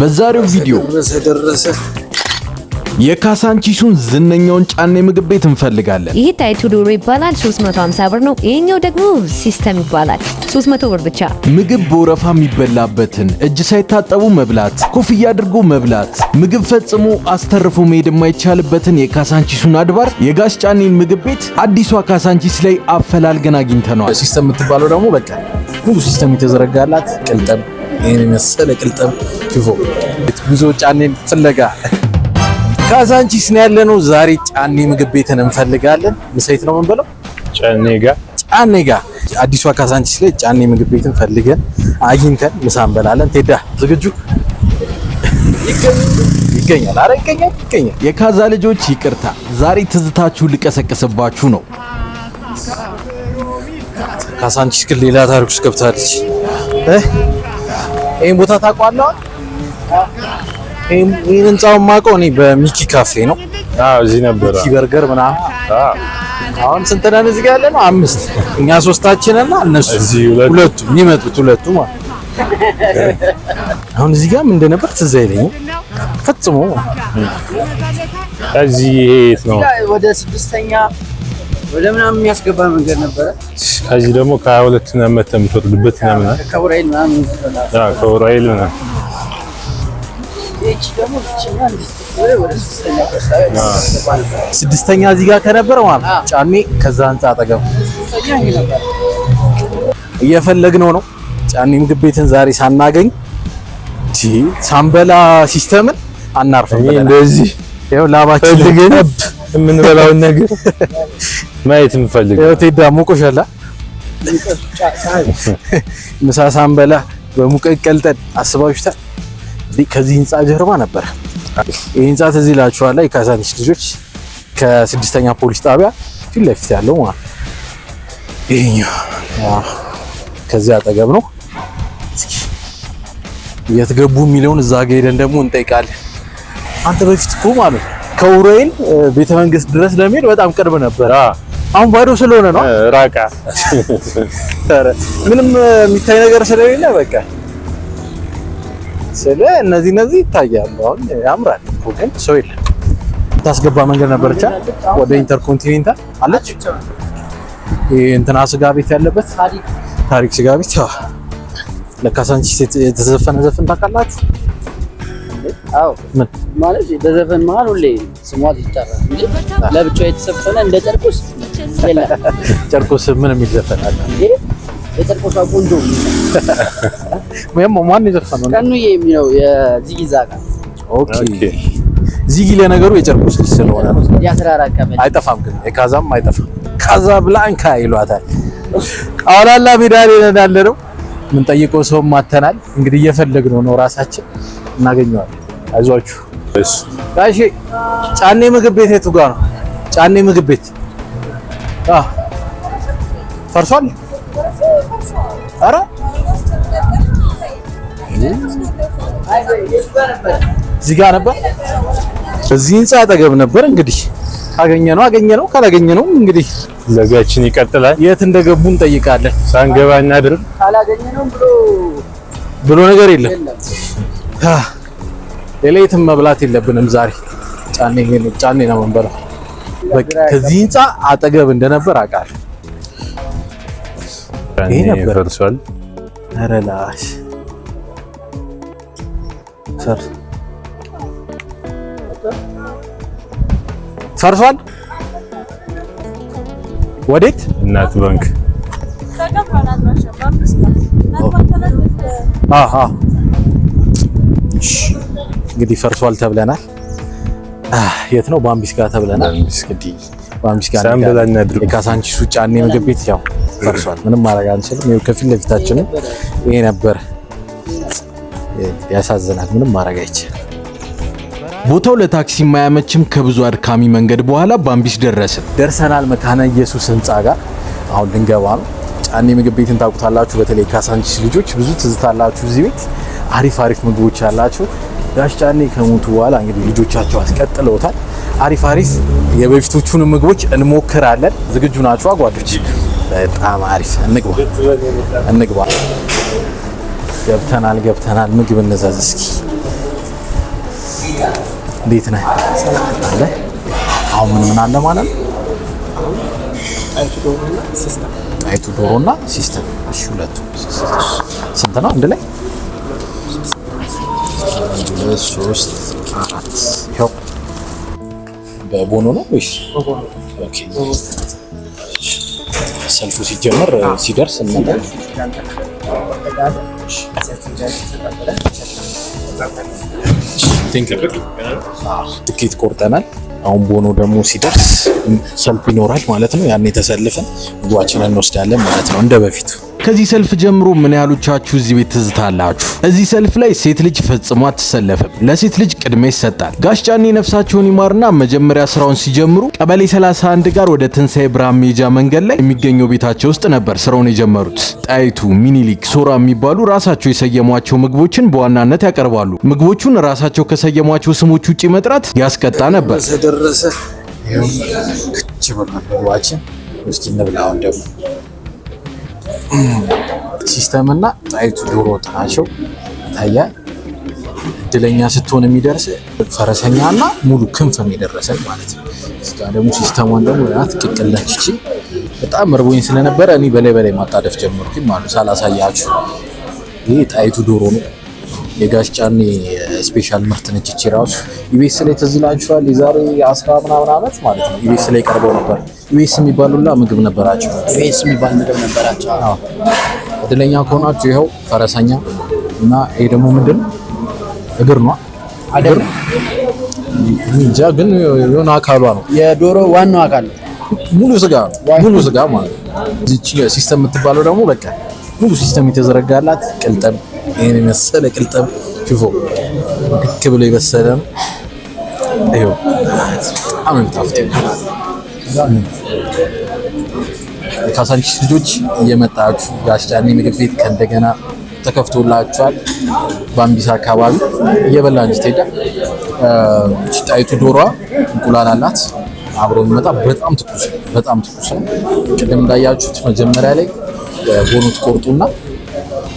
በዛሬው ቪዲዮ የካሳንቺሱን ዝነኛውን ጫኔ ምግብ ቤት እንፈልጋለን። ይህ ታይቱ ዶሮ ይባላል፣ 350 ብር ነው። ይሄኛው ደግሞ ሲስተም ይባላል፣ 300 ብር ብቻ። ምግብ በወረፋ የሚበላበትን እጅ ሳይታጠቡ መብላት፣ ኮፍያ አድርጎ መብላት፣ ምግብ ፈጽሞ አስተርፎ መሄድ የማይቻልበትን የካሳንቺሱን አድባር የጋሽ ጫኔን ምግብ ቤት አዲሷ ካሳንቺስ ላይ አፈላልገን አግኝተነዋል። ሲስተም የምትባለው ደግሞ በቃ ሙሉ ሲስተም የተዘረጋላት ቅልጥም ይህን የመሰለ ቅልጥም ሽፎ ጉዞ ጫኔን ፍለጋ ካዛንቺስ ነው ያለነው። ዛሬ ጫኔ ምግብ ቤትን እንፈልጋለን። ምሳይት ነው የምንበለው ጫኔ ጋ ጫኔ ጋር አዲሷ ካዛንቺስ ላይ ጫኔ ምግብ ቤትን ፈልገን አግኝተን ምሳ እንበላለን። ቴዳ ዝግጁ ይገኛል። አረ ይገኛል፣ ይገኛል። የካዛ ልጆች ይቅርታ፣ ዛሬ ትዝታችሁ ልቀሰቀስባችሁ ነው። ካዛንቺስ ግን ሌላ ታሪክ ውስጥ ገብታለች። ይህን ቦታ ታውቀዋለህ? ይህን ህንጻውን ማውቀው እኔ በሚኪ ካፌ ነው። አዎ እዚህ ነበረ ሚኪ በርገር ምናምን። አሁን ስንት ነን እዚህ ጋር ያለ ነው? አምስት እኛ ሶስታችን እና እነሱ ሁለቱ የሚመጡት ሁለቱ ማለት አሁን እዚህ ጋር ምን እንደነበር ትዝ አይለኝም ፈጽሞ። እዚህ የት ነው? ወደ ስድስተኛ ወደ ምናምን የሚያስገባ መንገድ ነበረ። ከዚህ ደግሞ ከ22 እና መተ የምትወርድበት ምናምን ከውራይል ምናምን አዎ፣ ምናምን ስድስተኛ እዚህ ጋር ከነበረ ማለት ጫሜ ከዛ ህንፃ አጠገብ እየፈለግነው ነው። ጫኔ ምግብ ቤትን ዛሬ ሳናገኝ ሳንበላ ሲስተምን አናርፍም። እንደዚህ ላባችን የምንበላውን ነገር ማየት የምፈልግ ያው ቴዳ ሙቆሻላ ምሳሳን በላ በሙቀት ቀልጠን አስባችሁታል። ከዚህ ህንፃ ጀርባ ነበረ ይህ ህንፃ ትዝ ይላችኋል። የካዛንቺስ ልጆች ከስድስተኛ ፖሊስ ጣቢያ ፊት ለፊት ያለው ማለት ይሄኛው ከዚህ አጠገብ ነው። የት ገቡ የሚለውን እዛ ጋ ሄደን ደግሞ እንጠይቃለን። አንተ በፊት እኮ ማለት ነው ከውሬን ቤተ መንግስት ድረስ ለመሄድ በጣም ቅርብ ነበር። አሁን ባዶ ስለሆነ ነው ራቃ። ኧረ ምንም የሚታይ ነገር ስለሌለ በቃ ስለ እነዚህ እነዚህ ይታያሉ። አሁን ያምራል እኮ ግን ሰው የለም። ታስገባ መንገድ ነበረቻ ወደ ኢንተርኮንቲኔንታል አለች። እንትና ስጋ ቤት ያለበት ታሪክ ስጋ ቤት ለካሳንቺስ የተዘፈነ ዘፈን ታውቃላችሁ? አዎ ማለት በዘፈን መሀል ሁሌ ስሟት ይጠራል እንጂ ለብቻው የተዘፈነ እንደ ጨርቁስ ጨርቆስ ምን የሚል ዘፈን አለ? የጨርቆሷ ቆንጆ ወይም ማን ይዘፈን ነው? ቀኑዬ የሚለው የዚጊዛጋ ኦኬ ዚጊ ለነገሩ የጨርቆስ ልጅ ስለሆነ አይጠፋም፣ ግን የካዛም አይጠፋም። ካዛብላንካ ይሏታል። አውላላ ሜዳ ላይ ነን ያለነው። የምንጠይቀው ሰውም አተናል። እንግዲህ እየፈለግነው ነው፣ ራሳችን እናገኘዋለን። አይዟችሁ። እሺ ጫኔ ምግብ ቤት የቱ ጋር ነው? ጫኔ ምግብ ቤት ፈርሷል። ah. ኧረ እዚህ ነበር፣ እዚህ ህንፃ አጠገብ ነበር። እንግዲህ ካገኘ ነው አገኘ ነው፣ ካላገኘ ነው እንግዲህ ለጋችን ይቀጥላል። የት እንደገቡ እንጠይቃለን። ሳንገባ እናድር ብሎ ነገር የለም። ሌላ የትም መብላት የለብንም ዛሬ። ጫኔ ነው መንበረው ከዚህ ህንፃ አጠገብ እንደነበር አውቃለሁ። ፈርሷል። ፈርሷል። ወዴት እናት ባንክ እንግዲህ ፈርሷል ተብለናል። የት ነው? ባምቢስ ጋር ተብለናል። ባምቢስ ጋር የካሳንቺስ ውጭ አኔ ምግብ ቤት ያው ፈርሷል። ምንም ማድረግ አንችልም። ይኸው ከፊት ለፊታችንም ይሄ ነበር። ያሳዝናል። ምንም ማድረግ አይችልም። ቦታው ለታክሲ ማያመችም። ከብዙ አድካሚ መንገድ በኋላ ባምቢስ ደረስን። ደርሰናል መካነ ኢየሱስ ህንፃ ጋር አሁን ልንገባ ነው። ጫኔ ምግብ ቤትን ታውቁታላችሁ። በተለይ ካሳንቺስ ልጆች ብዙ ትዝታላችሁ። እዚህ ቤት አሪፍ አሪፍ ምግቦች አላችሁ። ጋሽ ጫኔ ከሞቱ በኋላ እንግዲህ ልጆቻቸው አስቀጥለውታል። አሪፍ አሪፍ የበፊቶቹን ምግቦች እንሞክራለን። ዝግጁ ናችሁ አጓዶች? በጣም አሪፍ። እንግባ እንግባ። ገብተናል ገብተናል። ምግብ እንዘዝ እስኪ። እንዴት ነህ አለ። አሁን ምን ምን አለ ማለት ነው? ጣይቱ ዶሮና ሲስተም። እሺ ሁለቱ ስንት ነው አንድ ላይ? አንድ ሁለት ሶስት አራት ይኸው በቦኖ ነው ወይስ ሰልፉ ሲጀመር ሲደርስ እንመጣ ትኬት ቆርጠናል አሁን ቦኖ ደግሞ ሲደርስ ሰልፍ ይኖራል ማለት ነው። ያን የተሰልፈን ምግባችንን እንወስዳለን ማለት ነው እንደ በፊቱ። ከዚህ ሰልፍ ጀምሮ ምን ያህሎቻችሁ እዚህ ቤት ትዝታላችሁ? እዚህ ሰልፍ ላይ ሴት ልጅ ፈጽሞ አትሰለፍም። ለሴት ልጅ ቅድሜ ይሰጣል። ጋሽጫኔ ነፍሳቸውን ይማርና መጀመሪያ ስራውን ሲጀምሩ ቀበሌ 31 ጋር ወደ ትንሳኤ ብርሃን ሜጃ መንገድ ላይ የሚገኘው ቤታቸው ውስጥ ነበር ስራውን የጀመሩት። ጣይቱ፣ ሚኒሊክ፣ ሶራ የሚባሉ ራሳቸው የሰየሟቸው ምግቦችን በዋናነት ያቀርባሉ። ምግቦቹን ራሳቸው ከሰየሟቸው ስሞች ውጪ መጥራት ያስቀጣ ነበር። ደረሰ። ክች እች ብሏል ምግባችን። እስኪ እንብላ። አሁን ደግሞ ሲስተም እና ጣይቱ ዶሮ ወጥ ናቸው ይታያል። እድለኛ ስትሆን የሚደርስ ፈረሰኛ እና ሙሉ ክንፍ የሚደረሰ ማለት ነው። እዚጋ ደግሞ ሲስተሟን ደግሞ ናት ቅቅለች። በጣም እርቦኝ ስለነበረ እኔ በላይ በላይ ማጣደፍ ጀመርኩኝ ማለት ሳላሳያችሁ። ይህ ጣይቱ ዶሮ ነው። የጋሽ ጫኔ ስፔሻል ምርት ነች እቺ ራሱ ኢቤስ ላይ ተዝላችኋል። የዛሬ አስራ ምናምን ዓመት ማለት ነው ኢቤስ ላይ ቀርበው ነበር። ኢቤስ የሚባሉላ ምግብ ነበራቸው። ኢቤስ የሚባል ምግብ ነበራቸው። እድለኛ ከሆናችሁ ይኸው ፈረሰኛ እና ይሄ ደግሞ ምንድን እግር ነው አደር እንጃ ግን የሆነ አካሏ ነው የዶሮ ዋናው አካል ሙሉ ስጋ ሙሉ ስጋ ማለት ነው። ሲስተም የምትባለው ደግሞ በቃ ሙሉ ሲስተም የተዘረጋላት ቅልጥም ይሄን የመሰለ ቅልጥም ሽፎ ልክ ብሎ የበሰለም ይኸው በጣም የምጣፍጥ ካሳንቺስ ልጆች እየመጣችሁ የአስጫኔ ምግብ ቤት ከእንደገና ተከፍቶላችኋል። በአምቢሳ አካባቢ እየበላን ስትሄዳ ጣይቱ ዶሯ እንቁላል አላት አብሮ የሚመጣ በጣም ትኩስ በጣም ትኩስ ነው። ቅድም እንዳያችሁት መጀመሪያ ላይ በጎኑ ትቆርጡና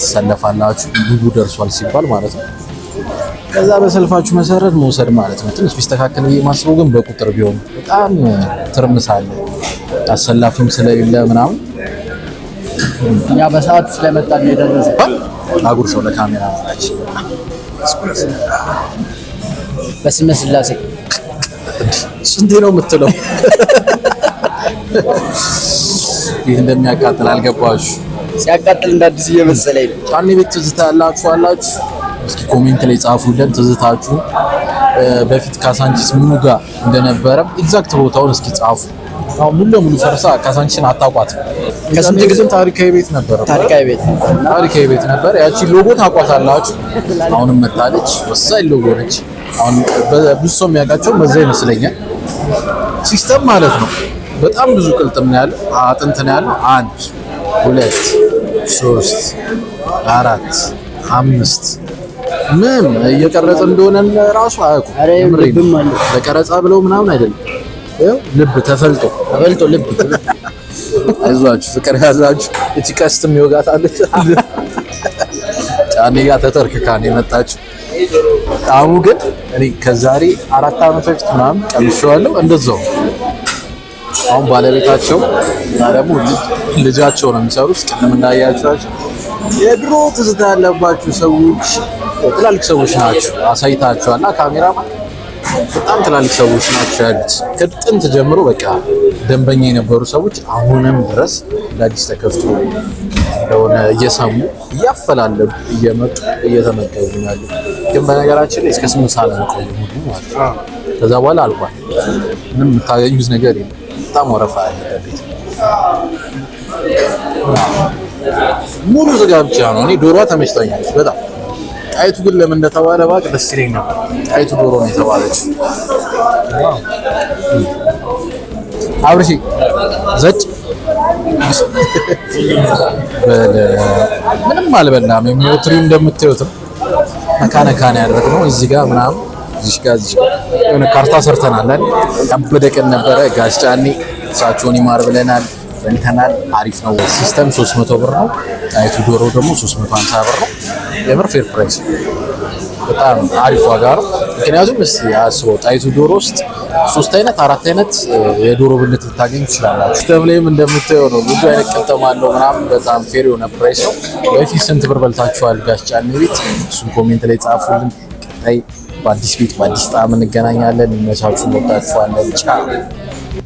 ትሰለፋላችሁ። ምግቡ ደርሷል ሲባል ማለት ነው። ከዛ በሰልፋችሁ መሰረት መውሰድ ማለት ነው። ትንሽ ቢስተካከል ብዬ ማስበው ግን በቁጥር ቢሆን በጣም ትርምስ አለ፣ አሰላፊም ስለሌለ ምናምን። እኛ በሰዓት ስለመጣ የደረሰ አጉር ሰው ለካሜራ ማራች በስመ ስላሴ ስንቴ ነው የምትለው? ይህ እንደሚያቃጥል አልገባችሁ። ሲያቃጥል እንደ አዲስ እየመሰለኝ ነው። ጫኔ ቤት ትዝታ ያላችሁ አላችሁ? እስኪ ኮሜንት ላይ ጻፉልን ትዝታችሁ በፊት ካሳንቺስ ምኑ ጋር እንደነበረም ኤግዛክት ቦታውን እስኪ ጻፉ። አሁን ሙሉ ለሙሉ ፈርሳ ካሳንቺስን አታቋትም። ከስንት ጊዜ ታሪካዊ ቤት ነበር፣ ታሪካዊ ቤት ታሪካዊ ቤት ነበር። ያቺ ሎጎ ታቋታላችሁ። አሁንም መታለች፣ ወሳኝ ሎጎ ነች። አሁን ብዙ ሰው የሚያውቃቸው በዛ ይመስለኛል ሲስተም ማለት ነው። በጣም ብዙ ቅልጥም ነው ያለው፣ አጥንት ነው ያለው። አንድ ሁለት ሶስት አራት አምስት ምን እየቀረጸ እንደሆነ ራሱ አያውቁም። ለቀረጻ ብለው ምናምን አይደለም። ልብ ተፈልጦ ተፈልጦ ልብ አይዟችሁ፣ ፍቅር ያዛችሁ። እቺ ቀስት የሚወጋታለች ጫኔ ጋር ተተርክካን የመጣችው ጣሙ ግን እኔ ከዛሬ አራት ዓመት በፊት ምናምን ቀምሼዋለሁ እንደዛው አሁን ባለቤታቸው እና ደግሞ ልጃቸው ነው የሚሰሩት። ቅድም እንዳያችኋቸው የድሮ ትዝታ ያለባችሁ ሰዎች ትላልቅ ሰዎች ናቸው አሳይታችኋል። እና ካሜራ በጣም ትላልቅ ሰዎች ናቸው ያሉት። ከጥንት ጀምሮ በቃ ደንበኛ የነበሩ ሰዎች አሁንም ድረስ እንዳዲስ ተከፍቶ እንደሆነ እየሰሙ እያፈላለጉ እየመጡ እየተመገቡ ያሉ ግን በነገራችን ላይ እስከ ስምንት ሰዓት ነው የቆየው ማለት ነው። ከዛ በኋላ አልቋል። ምንም የምታገኙት ነገር የለም። በጣም ወረፋ ያለበት ሙሉ ስጋ ብቻ ነው። እኔ ዶሮዋ ተመችቶኛለች በጣም ጣይቱ ግን ለምን እንደተባለ ባቅ ደስ ይለኝ ነበር። ጣይቱ ዶሮ ነው የተባለች። አብርሺ ዘጭ ምንም አልበላም። የሚወትሪው እንደምታዩት ነካ ነካ ነው ያደረግነው እዚህ ጋር ምናምን እዚህ ጋር የሆነ ካርታ ሰርተናለን። ያበደ ቀን ነበረ። ጋሽ ጫኔ እሳቸውን ይማር ብለናል በልተናል። አሪፍ ነው። ሲስተም 300 ብር ነው። ጣይቱ ዶሮ ደግሞ 350 ብር ነው። የምር ፌር ፕራይስ በጣም አሪፍ ዋጋ ነው። ምክንያቱም ስ አስቦ ጣይቱ ዶሮ ውስጥ ሶስት አይነት አራት አይነት የዶሮ ብልት ልታገኝ ትችላላችሁ። ሲስተም ላይም እንደምታየው ነው። ብዙ አይነት ቅልጥም አለው ምናምን በጣም ፌር የሆነ ፕራይስ ነው። በፊት ስንት ብር በልታችኋል ጋሽ ጫኔ ቤት? እሱን ኮሜንት ላይ ጻፉልን ቀጣይ በአዲስ ቤት በአዲስ ጣዕም እንገናኛለን። ይመቻችሁ። እንወዳችኋለን። ጫ